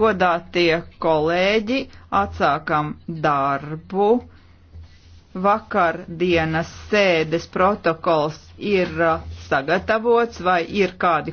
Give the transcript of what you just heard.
Godātie kolēģi, atsākam darbu. Vakar dienas sēdes protokols ir uh, sagatavots vai ir kādi